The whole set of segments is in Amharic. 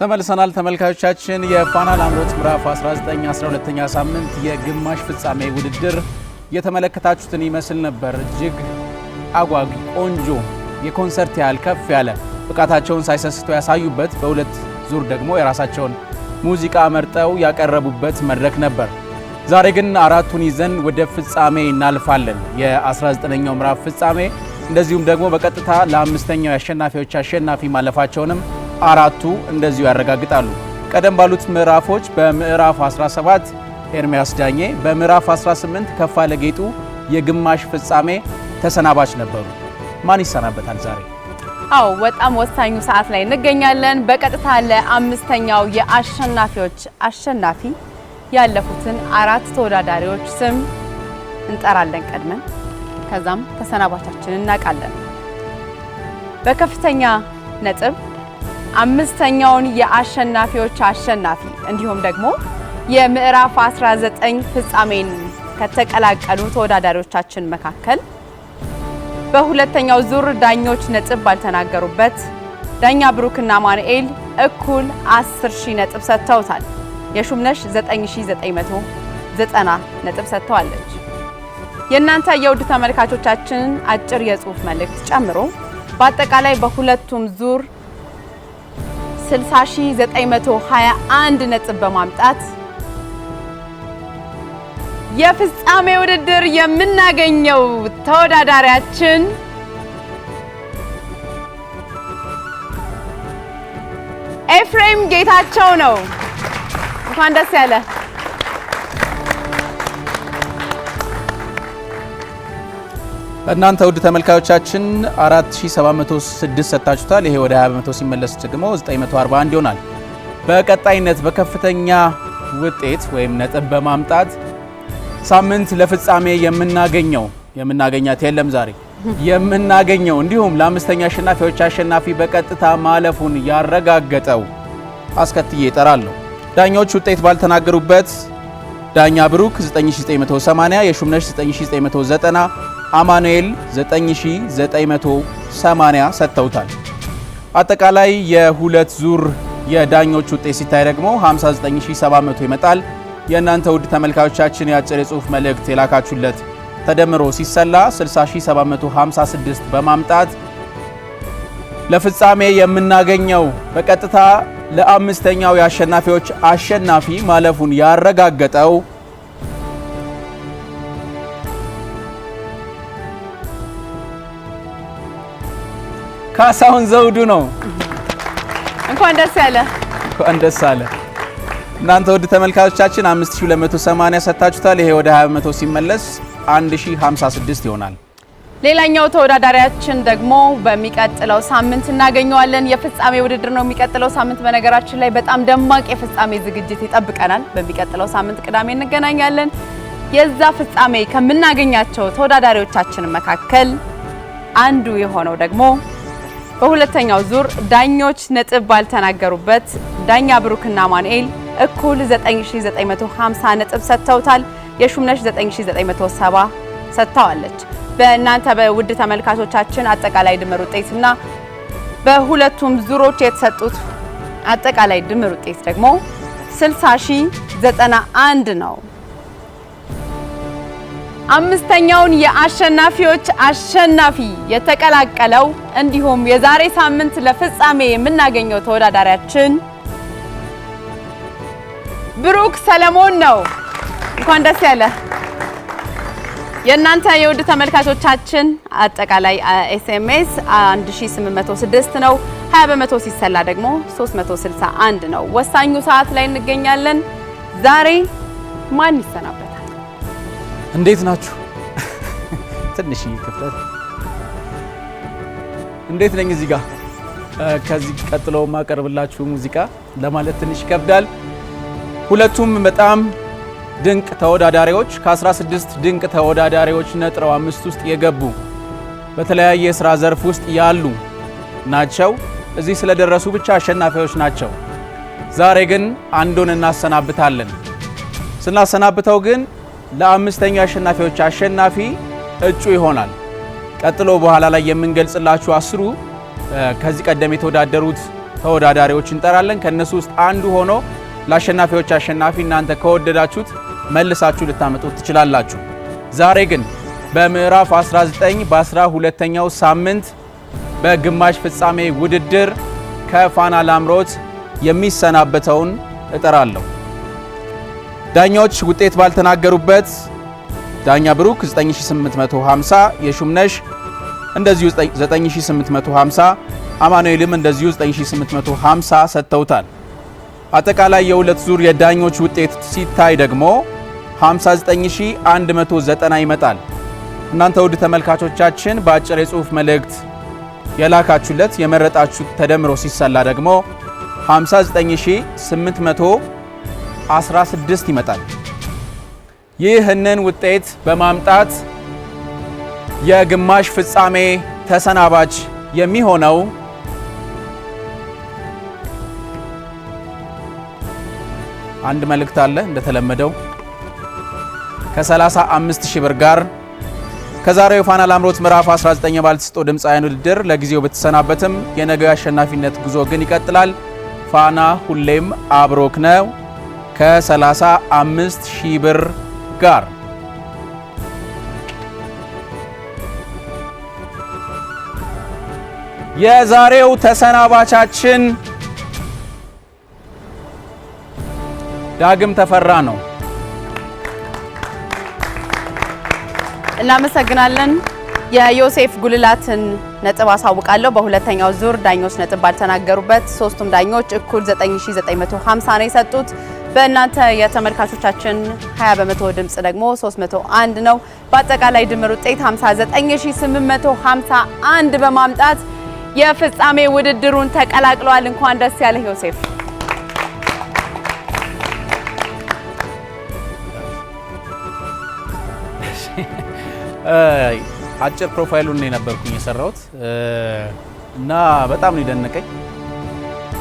ተመልሰናል ተመልካቾቻችን። የፋና ላምሮት ምዕራፍ 19 12ኛ ሳምንት የግማሽ ፍጻሜ ውድድር የተመለከታችሁትን ይመስል ነበር። እጅግ አጓጊ ቆንጆ የኮንሰርት ያህል ከፍ ያለ ብቃታቸውን ሳይሰስቶ ያሳዩበት፣ በሁለት ዙር ደግሞ የራሳቸውን ሙዚቃ መርጠው ያቀረቡበት መድረክ ነበር። ዛሬ ግን አራቱን ይዘን ወደ ፍጻሜ እናልፋለን። የ19ኛው ምዕራፍ ፍጻሜ እንደዚሁም ደግሞ በቀጥታ ለአምስተኛው የአሸናፊዎች አሸናፊ ማለፋቸውንም አራቱ እንደዚሁ ያረጋግጣሉ። ቀደም ባሉት ምዕራፎች በምዕራፍ 17 ኤርሚያስ ዳኜ፣ በምዕራፍ 18 ከፋለ ጌጡ የግማሽ ፍጻሜ ተሰናባች ነበሩ። ማን ይሰናበታል ዛሬ? አዎ በጣም ወሳኙ ሰዓት ላይ እንገኛለን። በቀጥታ ለአምስተኛው የአሸናፊዎች አሸናፊ ያለፉትን አራት ተወዳዳሪዎች ስም እንጠራለን ቀድመን ከዛም ተሰናባቻችን እናውቃለን። በከፍተኛ ነጥብ አምስተኛውን የአሸናፊዎች አሸናፊ እንዲሁም ደግሞ የምዕራፍ 19 ፍጻሜን ከተቀላቀሉ ተወዳዳሪዎቻችን መካከል በሁለተኛው ዙር ዳኞች ነጥብ ባልተናገሩበት ዳኛ ብሩክና ማኑኤል እኩል 10000 ነጥብ ሰጥተውታል። የሹምነሽ 9990 ነጥብ ሰጥተዋለች። የእናንተ የውድ ተመልካቾቻችን አጭር የጽሁፍ መልእክት ጨምሮ በአጠቃላይ በሁለቱም ዙር 60921 ነጥብ በማምጣት የፍጻሜ ውድድር የምናገኘው ተወዳዳሪያችን ኤፍሬም ጌታቸው ነው። እንኳን ደስ ያለ እናንተ ውድ ተመልካዮቻችን 4706 ሰጥታችሁታል። ይሄ ወደ 20 በመቶ ሲመለስ ደግሞ 941 ይሆናል። በቀጣይነት በከፍተኛ ውጤት ወይም ነጥብ በማምጣት ሳምንት ለፍጻሜ የምናገኘው የምናገኛት የለም ዛሬ የምናገኘው እንዲሁም ለአምስተኛ አሸናፊዎች አሸናፊ በቀጥታ ማለፉን ያረጋገጠው አስከትዬ እጠራለሁ። ዳኞች ውጤት ባልተናገሩበት ዳኛ ብሩክ 9980፣ የሹምነሽ 9990፣ አማኑኤል 9980 ሰጥተውታል። አጠቃላይ የሁለት ዙር የዳኞች ውጤት ሲታይ ደግሞ 59700 ይመጣል። የእናንተ ውድ ተመልካዮቻችን የአጭር የጽሑፍ መልእክት የላካችሁለት ተደምሮ ሲሰላ 60756 በማምጣት ለፍጻሜ የምናገኘው በቀጥታ ለአምስተኛው የአሸናፊዎች አሸናፊ ማለፉን ያረጋገጠው ካሳሁን ዘውዱ ነው። እንኳን ደስ ያለ እንኳን ደስ አለ። እናንተ ውድ ተመልካቾቻችን 5280 ሰጥታችሁታል። ይሄ ወደ 200 ሲመለስ 1056 ይሆናል። ሌላኛው ተወዳዳሪያችን ደግሞ በሚቀጥለው ሳምንት እናገኘዋለን። የፍጻሜ ውድድር ነው የሚቀጥለው ሳምንት። በነገራችን ላይ በጣም ደማቅ የፍጻሜ ዝግጅት ይጠብቀናል። በሚቀጥለው ሳምንት ቅዳሜ እንገናኛለን። የዛ ፍጻሜ ከምናገኛቸው ተወዳዳሪዎቻችን መካከል አንዱ የሆነው ደግሞ በሁለተኛው ዙር ዳኞች ነጥብ ባልተናገሩበት ዳኛ ብሩክና ማንኤል እኩል 9950 ነጥብ ሰጥተውታል። የሹምነሽ 9970 ሰጥተዋለች። በእናንተ በውድ ተመልካቾቻችን አጠቃላይ ድምር ውጤትና በሁለቱም ዙሮች የተሰጡት አጠቃላይ ድምር ውጤት ደግሞ 60,091 ነው። አምስተኛውን የአሸናፊዎች አሸናፊ የተቀላቀለው እንዲሁም የዛሬ ሳምንት ለፍጻሜ የምናገኘው ተወዳዳሪያችን ብሩክ ሰለሞን ነው። እንኳን ደስ ያለህ። የእናንተ የውድ ተመልካቾቻችን አጠቃላይ ኤስኤምኤስ 1806 ነው። 20 በመቶ ሲሰላ ደግሞ 361 ነው። ወሳኙ ሰዓት ላይ እንገኛለን። ዛሬ ማን ይሰናበታል? እንዴት ናችሁ? ትንሽ ይከፍታል። እንዴት ነኝ? እዚህ ጋር ከዚህ ቀጥሎ ማቀርብላችሁ ሙዚቃ ለማለት ትንሽ ይከብዳል። ሁለቱም በጣም ድንቅ ተወዳዳሪዎች ከ16 ድንቅ ተወዳዳሪዎች ነጥረው አምስት ውስጥ የገቡ በተለያየ ሥራ ዘርፍ ውስጥ ያሉ ናቸው። እዚህ ስለደረሱ ብቻ አሸናፊዎች ናቸው። ዛሬ ግን አንዱን እናሰናብታለን። ስናሰናብተው ግን ለአምስተኛ አሸናፊዎች አሸናፊ እጩ ይሆናል። ቀጥሎ በኋላ ላይ የምንገልጽላችሁ አስሩ ከዚህ ቀደም የተወዳደሩት ተወዳዳሪዎች እንጠራለን። ከእነሱ ውስጥ አንዱ ሆኖ ለአሸናፊዎች አሸናፊ እናንተ ከወደዳችሁት መልሳችሁ ልታመጡት ትችላላችሁ። ዛሬ ግን በምዕራፍ 19 በ12ኛው ሳምንት በግማሽ ፍጻሜ ውድድር ከፋና ላምሮት የሚሰናበተውን እጠራለሁ። ዳኛዎች ውጤት ባልተናገሩበት ዳኛ ብሩክ 9850፣ የሹምነሽ እንደዚሁ 9850፣ አማኑኤልም እንደዚሁ 9850 ሰጥተውታል። አጠቃላይ የሁለት ዙር የዳኞች ውጤት ሲታይ ደግሞ 59190 ይመጣል። እናንተ ውድ ተመልካቾቻችን በአጭር የጽሑፍ መልእክት የላካችሁለት የመረጣችሁ ተደምሮ ሲሰላ ደግሞ 59816 ይመጣል። ይህንን ውጤት በማምጣት የግማሽ ፍጻሜ ተሰናባች የሚሆነው አንድ መልእክት አለ እንደተለመደው ከ35 ሺህ ብር ጋር ከዛሬው የፋና ላምሮት ምዕራፍ 19 የባለተሰጥኦ ድምፃውያን ውድድር ለጊዜው በተሰናበትም የነገው አሸናፊነት ጉዞ ግን ይቀጥላል። ፋና ሁሌም አብሮክ ነው። ከ35 ሺህ ብር ጋር የዛሬው ተሰናባቻችን ዳግም ተፈራ ነው። እናመሰግናለን። የዮሴፍ ጉልላትን ነጥብ አሳውቃለሁ። በሁለተኛው ዙር ዳኞች ነጥብ ባልተናገሩበት ሶስቱም ዳኞች እኩል 9950 ነው የሰጡት። በእናንተ የተመልካቾቻችን 20 በመቶ ድምፅ ደግሞ 301 ነው። በአጠቃላይ ድምር ውጤት 59851 በማምጣት የፍጻሜ ውድድሩን ተቀላቅለዋል። እንኳን ደስ ያለህ ዮሴፍ። አጭር ፕሮፋይሉን ነው የነበርኩኝ የሰራሁት እና በጣም ነው የደነቀኝ።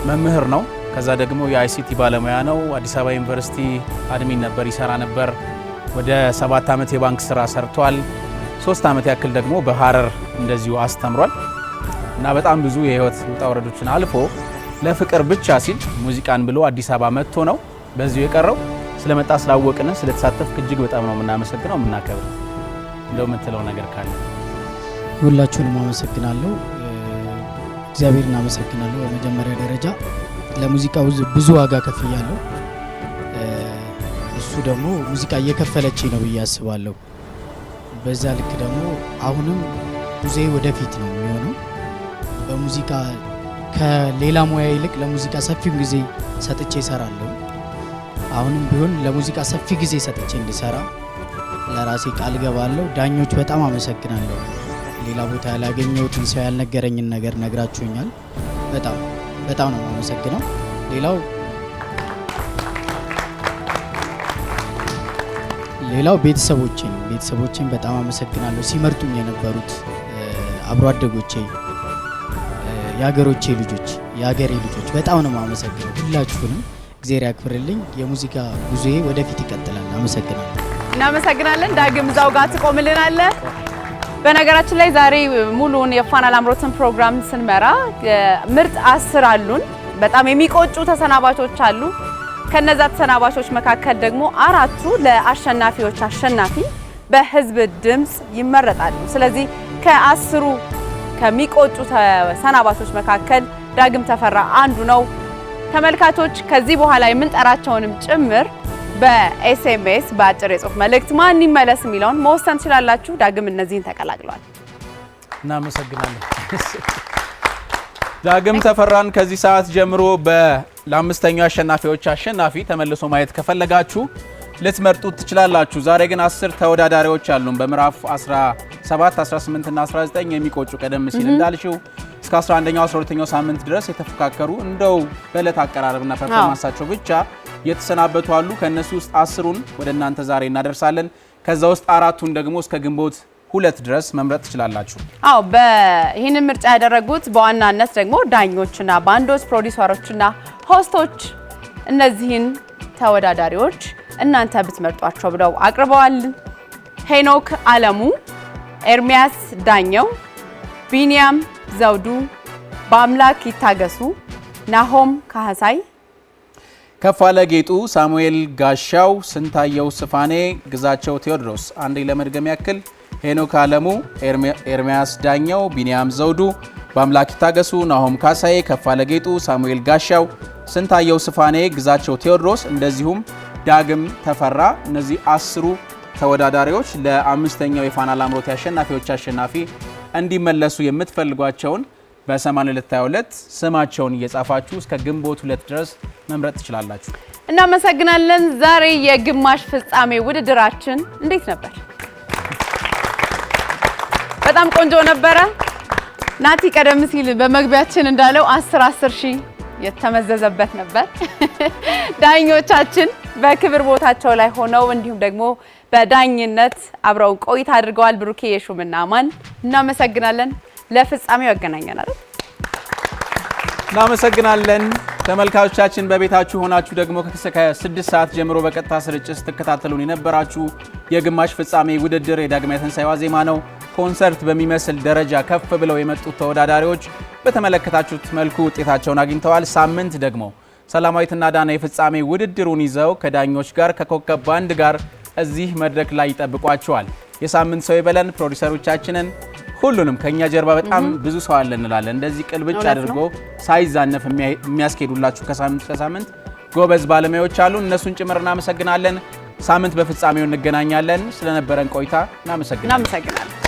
መምህር ነው፣ ከዛ ደግሞ የአይሲቲ ባለሙያ ነው። አዲስ አበባ ዩኒቨርሲቲ አድሚን ነበር ይሰራ ነበር። ወደ ሰባት ዓመት የባንክ ስራ ሰርቷል። ሶስት ዓመት ያክል ደግሞ በሀረር እንደዚሁ አስተምሯል እና በጣም ብዙ የህይወት ውጣ ውረዶችን አልፎ ለፍቅር ብቻ ሲል ሙዚቃን ብሎ አዲስ አበባ መጥቶ ነው በዚሁ የቀረው። ስለመጣ ስላወቅን ስለተሳተፍክ እጅግ በጣም ነው የምናመሰግነው የምናከብር እንደው የምትለው ነገር ካለ? ሁላችሁንም አመሰግናለሁ። እግዚአብሔርን አመሰግናለሁ። በመጀመሪያ ደረጃ ለሙዚቃው ብዙ ዋጋ ከፍያለሁ። እሱ ደግሞ ሙዚቃ እየከፈለች ነው ብዬ አስባለሁ። በዛ ልክ ደግሞ አሁንም ጉዜ ወደፊት ነው የሚሆነው በሙዚቃ ከሌላ ሙያ ይልቅ ለሙዚቃ ሰፊ ጊዜ ሰጥቼ እሰራለሁ። አሁንም ቢሆን ለሙዚቃ ሰፊ ጊዜ ሰጥቼ እንዲሰራ ለራሴ ቃል ገባለሁ። ዳኞች በጣም አመሰግናለሁ። ሌላ ቦታ ያላገኘሁትን ሰው ያልነገረኝን ነገር ነግራችሁኛል። በጣም በጣም ነው የማመሰግነው። ሌላው ሌላው ቤተሰቦቼን ቤተሰቦቼን በጣም አመሰግናለሁ። ሲመርጡኝ የነበሩት አብሮ አደጎቼ፣ የሀገሮቼ ልጆች፣ የሀገሬ ልጆች በጣም ነው የማመሰግነው ሁላችሁንም። እግዜር ያክብርልኝ። የሙዚቃ ጉዞዬ ወደፊት ይቀጥላል። አመሰግናለሁ። እናመሰግናለን። ዳግም እዛው ጋር ትቆምልናለ። በነገራችን ላይ ዛሬ ሙሉውን የፋና ላምሮትን ፕሮግራም ስንመራ ምርጥ አስር አሉን። በጣም የሚቆጩ ተሰናባቾች አሉ። ከነዛ ተሰናባቾች መካከል ደግሞ አራቱ ለአሸናፊዎች አሸናፊ በህዝብ ድምፅ ይመረጣሉ። ስለዚህ ከአስሩ ከሚቆጩ ተሰናባቾች መካከል ዳግም ተፈራ አንዱ ነው። ተመልካቾች ከዚህ በኋላ የምንጠራቸውንም ጭምር በኤስኤምኤስ በአጭር የጽሁፍ መልእክት ማን ይመለስ የሚለውን መወሰን ትችላላችሁ። ዳግም እነዚህን ተቀላቅሏል። እናመሰግናለን። ዳግም ተፈራን ከዚህ ሰዓት ጀምሮ ለአምስተኛው አሸናፊዎች አሸናፊ ተመልሶ ማየት ከፈለጋችሁ ልትመርጡት ትችላላችሁ። ዛሬ ግን አስር ተወዳዳሪዎች አሉን። በምዕራፍ 17፣ 18 እና 19 የሚቆጩ ቀደም ሲል እንዳልሽው እስከ 11ኛው 12ኛው ሳምንት ድረስ የተፎካከሩ እንደው በዕለት አቀራረብና ፐርፎርማንሳቸው ብቻ የተሰናበቱ አሉ። ከእነሱ ውስጥ አስሩን ወደ እናንተ ዛሬ እናደርሳለን። ከዛ ውስጥ አራቱን ደግሞ እስከ ግንቦት ሁለት ድረስ መምረጥ ትችላላችሁ። አዎ ይህንን ምርጫ ያደረጉት በዋናነት ደግሞ ዳኞችና ባንዶች፣ ፕሮዲሰሮችና ሆስቶች እነዚህን ተወዳዳሪዎች እናንተ ብትመርጧቸው ብለው አቅርበዋል። ሄኖክ አለሙ፣ ኤርሚያስ ዳኘው፣ ቢንያም ዘውዱ፣ በአምላክ ይታገሱ፣ ናሆም ካህሳይ ከፋለ ጌጡ፣ ሳሙኤል ጋሻው፣ ስንታየው ስፋኔ፣ ግዛቸው ቴዎድሮስ፣ አንዴ ለመድገም ያክል ሄኖክ አለሙ፣ ኤርሚያስ ዳኘው፣ ቢንያም ዘውዱ፣ በአምላክ ታገሱ፣ ናሆም ካሳዬ፣ ከፋለ ጌጡ፣ ሳሙኤል ጋሻው፣ ስንታየው ስፋኔ፣ ግዛቸው ቴዎድሮስ እንደዚሁም ዳግም ተፈራ። እነዚህ አስሩ ተወዳዳሪዎች ለአምስተኛው የፋና ላምሮት አሸናፊዎች አሸናፊ እንዲመለሱ የምትፈልጓቸውን በ8222 ስማቸውን እየጻፋችሁ እስከ ግንቦት ሁለት ድረስ መምረጥ ትችላላችሁ። እናመሰግናለን። ዛሬ የግማሽ ፍጻሜ ውድድራችን እንዴት ነበር? በጣም ቆንጆ ነበረ። ናቲ ቀደም ሲል በመግቢያችን እንዳለው 10 10 ሺህ የተመዘዘበት ነበር። ዳኞቻችን በክብር ቦታቸው ላይ ሆነው እንዲሁም ደግሞ በዳኝነት አብረው ቆይታ አድርገዋል። ብሩኬ የሹምና ማን እናመሰግናለን። ለፍጻሜው ያገናኘናል። እናመሰግናለን። ተመልካቾቻችን በቤታችሁ ሆናችሁ ደግሞ ከስድስት ሰዓት ጀምሮ በቀጥታ ስርጭት ስትከታተሉን የነበራችሁ የግማሽ ፍጻሜ ውድድር የዳግማዊ ትንሣኤ ዋዜማ ነው። ኮንሰርት በሚመስል ደረጃ ከፍ ብለው የመጡት ተወዳዳሪዎች በተመለከታችሁት መልኩ ውጤታቸውን አግኝተዋል። ሳምንት ደግሞ ሰላማዊትና ዳና የፍጻሜ ውድድሩን ይዘው ከዳኞች ጋር ከኮከብ ባንድ ጋር እዚህ መድረክ ላይ ይጠብቋቸዋል። የሳምንት ሰው ይበለን። ፕሮዲሰሮቻችንን ሁሉንም ከኛ ጀርባ በጣም ብዙ ሰው አለ እንላለን። እንደዚህ ቅልብጭ አድርጎ ሳይዛነፍ የሚያስኬዱላችሁ ከሳምንት ከሳምንት ጎበዝ ባለሙያዎች አሉ። እነሱን ጭምር እናመሰግናለን። ሳምንት በፍጻሜው እንገናኛለን። ስለነበረን ቆይታ እናመሰግናለን።